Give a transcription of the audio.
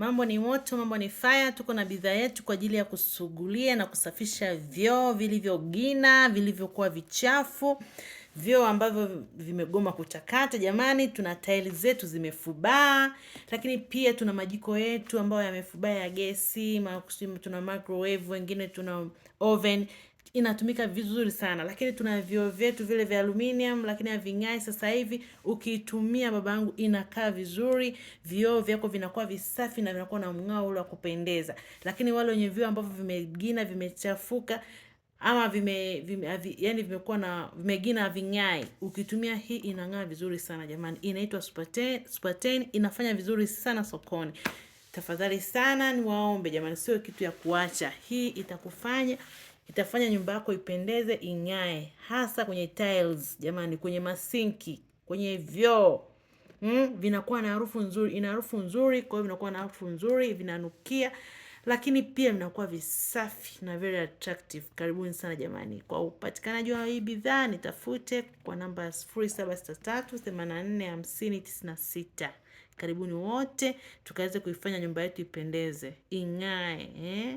Mambo ni moto, mambo ni fire. Tuko na bidhaa yetu kwa ajili ya kusugulia na kusafisha vyoo vilivyogina, vilivyokuwa vichafu, vyoo ambavyo vimegoma kuchakata. Jamani, tuna taili zetu zimefubaa, lakini pia tuna majiko yetu ambayo yamefubaa ya gesi, tuna microwave, wengine tuna oven inatumika vizuri sana, lakini tuna vioo vyetu vile vya aluminium, lakini having'ai sasa hivi. Ukiitumia yangu, inakaa vizuri, vioo vyako vinakuwa visafi na vinakuwa na mng'ao ule wa kupendeza. Lakini wale wenye vioo ambavyo vimegina, vimechafuka ama vime, vime avi, yani vimekuwa na vimegina having'ai, ukitumia hii inang'aa vizuri sana jamani. Inaitwa Super 10 inafanya vizuri sana sokoni. Tafadhali sana niwaombe jamani, sio kitu ya kuacha. Hii itakufanya itafanya nyumba yako ipendeze, ing'ae, hasa kwenye tiles jamani, kwenye masinki, kwenye vyoo mm, vinakuwa na harufu nzuri, ina harufu nzuri, kwa hiyo vinakuwa na harufu nzuri, vinanukia, lakini pia vinakuwa visafi na very attractive. Karibuni sana jamani. Kwa upatikanaji wa hii bidhaa nitafute kwa namba 0763845096. Karibuni wote tukaweze kuifanya nyumba yetu ipendeze, ing'ae eh?